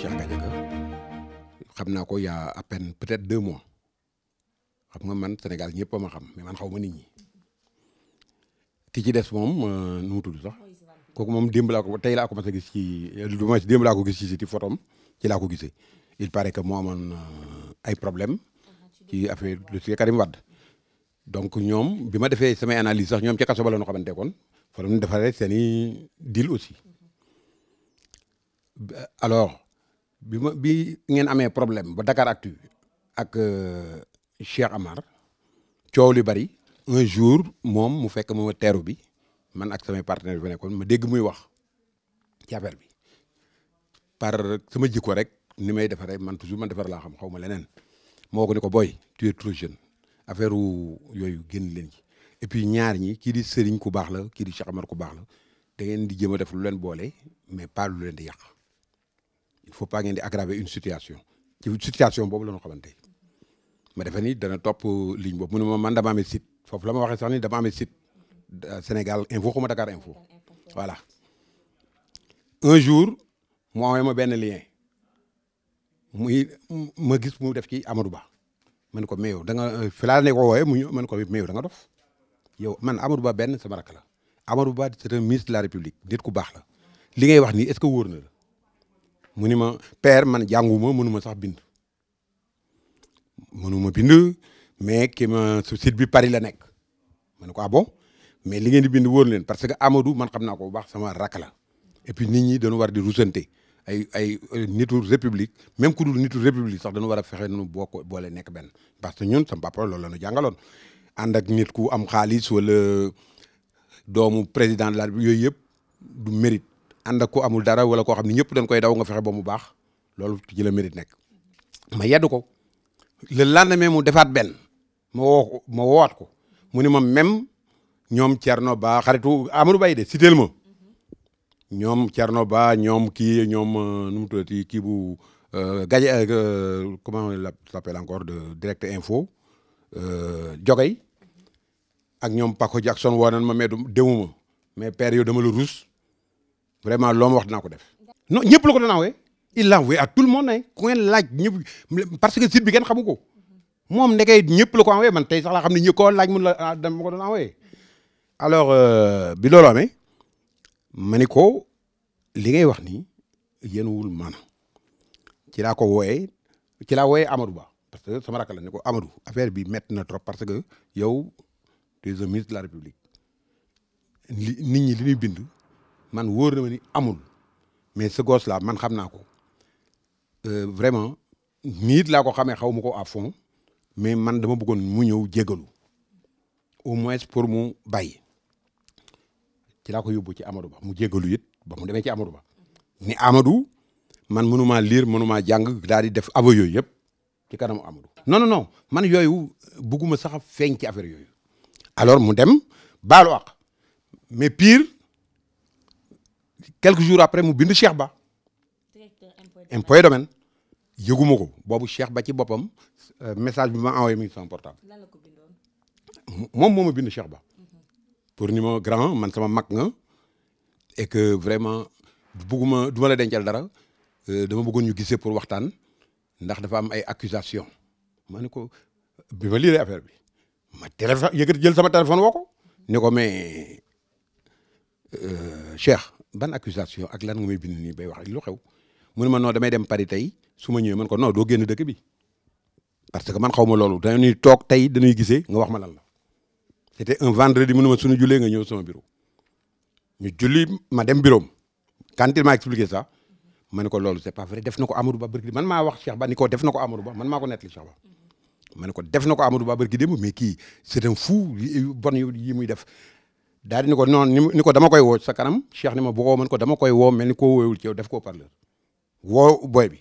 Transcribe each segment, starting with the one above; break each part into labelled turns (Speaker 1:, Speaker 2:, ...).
Speaker 1: Cheikh Gadiaga xam naa ko ya à peine peut-être deux mois xam nga man Sénégal ñëpp ma xam mais man xaw ma nit ñi ki ci des moom euh, nu mu tudd sax kooku moom démb laa ko tey laa commencé gis ci du moins démb laa ko gis ci ci photom ci laa ko gisee il paraît que moo amoon euh, ay problème ci affaire dossier Karim Wade donc ñoom bi ma defee samay analyse sax ñoom ci kaso ba la ñu xamante kon fa la ñu defaree seen i aussi alors bi ma bi ngeen amee problème ba Dakaractu ak euh, Cheikh Amar coow li bari un moom mu fekk ma teeru bi man ak samay partenaires yu fa nekkoon ma dégg muy wax ci affaire bi par sama jikko rek ni may defaree man toujours man defar laa xam xaw ma leneen moo ko ko boy tu es trop jeune affaire yooyu génn leen ci et puis ñaar ñi kii di sëriñ ku baax la kii di Cheikh Amar ku baax la da ngeen di jéem a def leen boole mais pas lu leen di yàq. il faut pas ngeen di aggraver une situation situation boobu la ñu xamante ma defe ni dana topp ligne boobu mu ne ma man dama amee site foofu la ma waxee sax ni dama amee site euh, Sénégal ma xuma Dakar info voilà un jour mu amee ma benn lien muy ma gis mu def ci Amadou Ba man ko mais yow da nga euh, fi laa ko wooyee mu ñëw man ko mais yow da nga dof yow man Amadou Ba benn sama rakk la Amadou Ba c'est un ministre de la République nit ku baax la li ngay wax nii est-ce na mu ni ma père man jànguma mënuma sax bind mënuma bind mais ki ma su site bi Paris la nekk ma ne ko ah mais li ngeen di bind wóor leen parce que Amadou man xam naa ko bu baax sama rakk la et puis nit ñi dañu war di rusante ay ay nitu république même ku dul nitu république sax dañu war a fexe nu boo ko boole nekk benn parce que ñun sama papa loolu la ñu jàngaloon ànd ak nit ku am xaalis wala doomu président de la yooyu yëpp du mérite ànd ak ku amul dara wala koo xam ne ñëpp dañ koy daw nga fexe ba mu baax loolu ci la mérite nekk ma yedd ko le lendemain mu defaat benn ma woo ma woowaat ko mu ni ma même ñoom Thierno Ba xaritu Amadou Baye de citeel ma ñoom Thierno ñoom kii ñoom euh, nu mu tuddati kii bu euh, gaje euh, comment on l'appelle encore de direct info jogay ak ñoom Paco Jackson woo nañ ma mais du déwuma mais père dama la ruus vraiment loo ma wax dinaa ko def non ñëpp la ko doon envoyé il l'a envoyé le monde ne parce que site bi kenn xamu ko moom ndekay ñëpp la ko man tey sax laa xam ne ñëpp laaj mun la ah, dama ko doon envoyé alors euh, bi loolu amee ni ko li ngay wax ni yéen wul maanaam ci laa ko wooyee ci laa wooyee Amadou Ba parce que sama rakk ne ko Amadou affaire bi métti na trop parce que yow tu es un la République li nit ñi li ñuy bind man wóor na ma ni amul mais ce gosse man xam naa ko e vraiment niit laa ko xamee xaw ma ko à fond mais man dama bëggoon mu ñëw jégalu au moins pour mu bay ci laa ko yóbbu ci Amadou Ba mu jégalu it ba mu demee ci Amadou Ba ni Amadou man mënumaa lire mënumaa jàng daal di def avo yooyu yëpp ci kanamu Amadou. non non non man yooyu bugguma sax feeñ ci affaire yooyu alors mu dem baalu àq mais pire. quelque jour après mu bind Cheikh Ba. impôt et domaine yëguma ko boobu Cheikh Ba ci boppam euh, message bi ma envoyé mi ngi sama portable. ko moom moo ma bind Cheikh Ba. pour ni ma grand man sama mag nga. et que vraiment bugguma du ma dencal dara euh, dama buggoon ñu gisee pour waxtaan ndax dafa am ay accusation ma ne ko bi ma liiree affaire bi ma téléphone jël sama téléphone woo ko. ne ko mais euh, Cheikh. ban accusation ak lan nga may bind nii bay wax ak lu xew mu ma noo damay dem Paris tey su ma ñëwee man ko non doo génn dëkk bi parce que man xaw ma loolu dañuy toog tey dañuy gisee nga wax ma lan la c'était un vendredi mu ne ma suñu julee nga ñëw sama bureau ñu julli ma dem biroom quand il m'a expliqué sa ma ne ko loolu c'est pas vrai def na ko Amadou Ba bërki man maa wax Cheikh Ba ni ko def na ko Amadou Ba man maa ko nettali Cheikh Ba ma ko def na ko Amadou Ba bërki démb mais kii c'est un fou bon yi muy def daal di ni ko noonu ko dama koy woo sa kanam Cheikh ni ma bu ko man ko dama koy woo mel ni ko wooyewul ci yow def koo parleur woo boy bi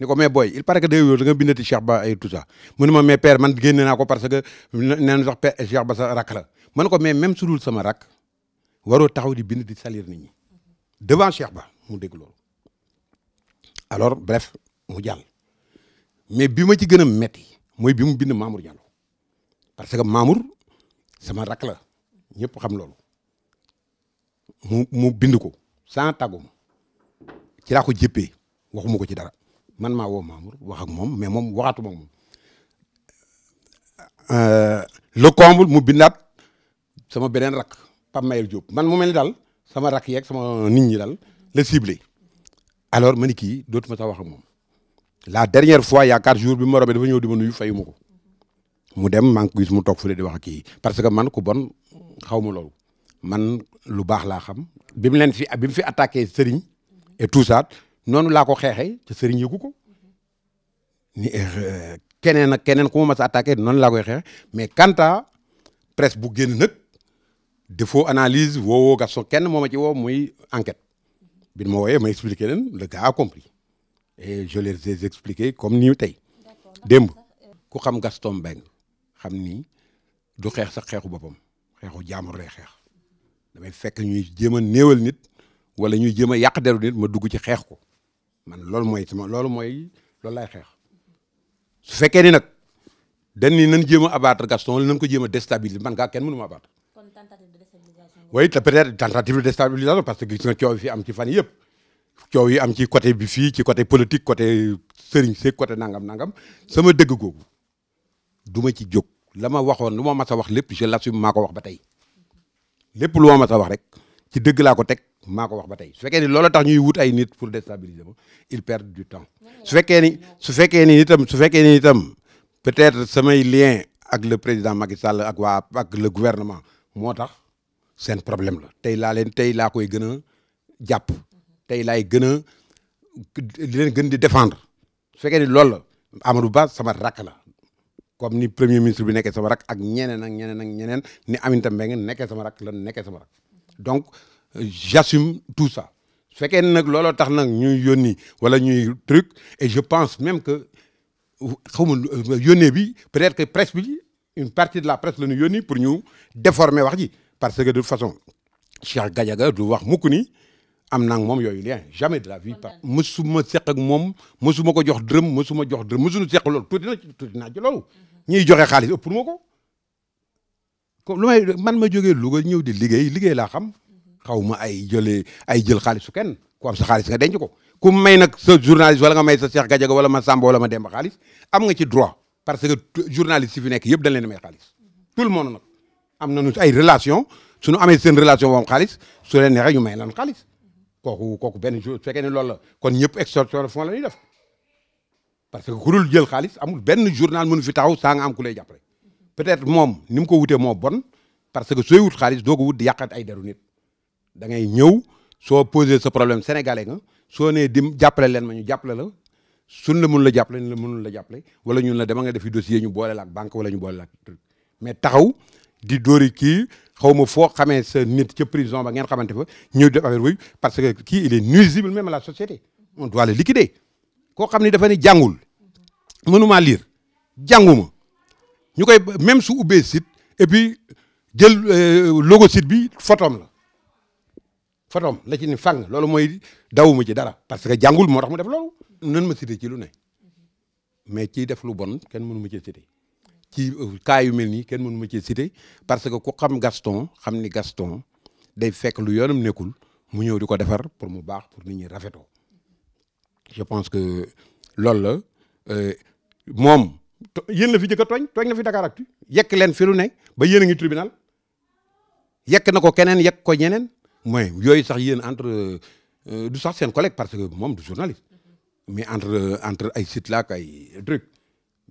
Speaker 1: ni ko mais boy il paraît que day wóor da nga bindati Cheikh Ba ay tout ça ma mais père man génne naa ko parce que neen sax père Cheikh Ba sa rakk la man ko mais même su dul sama rakk waroo taxaw di bind di salir nit ñi devant Cheikh Ba mu dégg loolu alors bref mu jàll mais bi ma ci gën a metti mooy bi mu bind Mamour Diallo parce que Mamour sama rakk la ñëpp xam loolu mu mu bind ko sans tàggum ci laa ko jëppee waxuma ko ci dara man maa woo Mamour wax ak moom mais moom waxaatuma ak moom euh, le comble mu bindaat sama beneen rak Pape Mayel Diop man mu mel ni daal sama rak yeeg sama nit ñi daal la ciblé alors ma kii dootuma sax wax moom la dernière fois yaa quatre jours bi ma robee dafa ñëw di ma nuyu fayu ma ko mu dem maa ngi ko gis mu toog fële di wax kii parce que man ku bon xaw ma loolu man lu baax laa xam bi mu leen fi bi mu fi attaque sëriñ et tout ça noonu laa ko xeexee te sëriñ yëgu ko ni eh, keneen ak keneen ku ma mas a noonu laa koy xeexe mais kanta à presse bu génn nag defoo analyse woowoo Gaston kenn moom ma ci woo muy enquête bin ma wooyee ma expliqué leen le gars a compris e je les ai expliqué comme ni tey démb ku xam Gaston Mbengue xam ni du xeex sa xeexu boppam xeexu jaamur lay xeex damay fekk ñuy jéem a néewal nit wala ñuy jéem a yàq deru nit ma dugg ci xeex ko man loolu mooy sama loolu mooy loolu laay xeex su fekkee ni nag dañ ni nañ jéem a abattre Gaston nañ ko jéem a déstabiliser man gaa kenn mënu ma abattre. kon tentative de te peut-être tentative de parce que gis nga coow fi am ci fan yëpp. coow yi am ci côté bi fii ci côté politique côté sëriñ seeg côté nangam nangam sama dëgg googu du ci jóg la ma waxoon lu ma mas a wax lépp je l'assume maa ko wax ba tey lépp lu ma mas a wax rek ci dëgg laa ko teg maa ko wax ba tey su fekkee ni loola tax ñuy wut ay nit pour déstabiliser ma ils perdent du temps su fekkee ni su fekkee ni itam su fekkee ni itam peut-être samay lien ak le président Macky Sall ak waa ak le gouvernement moo tax seen problème la tey laa leen tey laa koy gën a jàpp tey laay gën a di leen gën di défendre su fekkee ni loolu la Amadou Ba sama rakk la comme ni premier ministre bi nekkee sama rak ak ñeneen ak ñeneen ak ñeneen ni Aminata Mbengue nekke sama rak lan nekkee sama rak donc j'assume tout sa su fekkee nag looloo tax nag ñuy yónni wala ñuy truc et je pense même que xaw ma euh, yónnee bi peut-être que presse bi une partie de la presse la ñu yónni pour ñu déformer wax ji parce que de toute façon Cheikh Gadiaga du wax mukk ni am naa moom yooyu lien jamais de la vie pas mësuma seq ak moom mësuma ko jox dërëm mësuma jox dërëm mësuñu seq loolu tuuti na tuuti naa ci loolu mm-hmm. ñuy joxe xaalis ëpp ma ko ko lu may man ma jógee Louga ñëw di liggéey liggéey laa xam xaw ma ay jëlee ay jël xaalisu kenn ku am sa xaalis nga denc ko ku may nag sa journaliste wala nga may sa Cheikh Gadiaga wala ma Samba wala ma Demba xaalis am nga ci droit parce que journaliste yi fi nekk yëpp dañ leen may xaalis tout le monde nag am nañu ay relation suñu amee seen relation moom xaalis su leen neexee ñu may lan xaalis kooku kooku benn jour su fekkee ne loolu la kon ñëpp extorsion de fonds la ñuy def parce que ku dul jël xaalis amul benn journal mënu fi taxaw saa nga am ku lay jàppale peut-être moom ni ko wutee moo bon parce que sooy wut xaalis doo ko wut di yàqat ay deru nit da ngay ñëw soo posé sa problème sénégalais nga soo nee di jàppale leen ma ñu jàppale la suñ la mun la jàppale ñu la mënul la jàppale wala ñun la dama nga defi dossier ñu boole la ak banque wala ñu boole la mais taxaw di dóori kii xaw ma foo xamee sa nit ca prison ba ngeen xamante fa ñu def affaire parce que kii il est nuisible même à la on doit le liquider koo xam ni dafa ni jàngul mënumaa liir jànguma ñu koy même su ubbee site et jël euh, logo site bi fotom la photom la ci ni fang loolu mooy dawuma ci dara parce que jàngul moo tax mu def loolu nan ma cité ci lu ne mais ciy def lu bon kenn mënu ma cee cité ci euh, cas yu mel nii kenn mënu ma cee cité parce que ku xam Gaston xam ni Gaston day fekk lu yoonam nekkul mu ñëw di ko defar pour mu baax pour ni ñi rafetoo je pense que loolu la euh, moom yéen la fi jëkk a tooñ tooñ na fi Dakaractu yekk leen fi lu ne ba yéen a ngi tribunal yekk na ko keneen yekk ko ñeneen mooy yooyu sax yéen entre euh, du sax seen collègue parce que moom du journaliste mais entre entre ay site la ay truc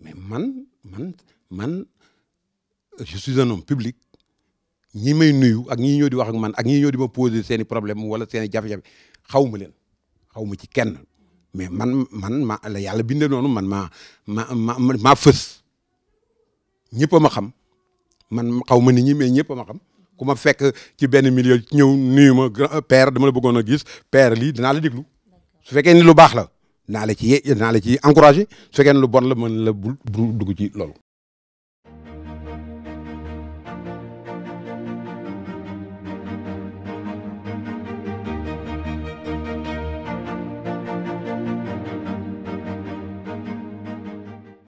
Speaker 1: mais man man man je suis un homme public ñi nuyu ak ñi ñoo di wax man ak ñi ñoo di ma poser seen problème wala seen i jafe-jafe xaw ma leen xaw ma ci ken mais man man ma la yàlla bindee noonu man maa ma ma maa fës ñëpp ma xam man xaw ma nit ñi mais ñëpp a ma xam ku ma fekk ci benn milieu ñëw nuyu ma grand euh, père dama la bëggoon a gis père lii dinaa la déglu su fekkee ni lu baax la naa ci ye naa la ci encouragé su lu bon la mën la bul dugg ci loolu.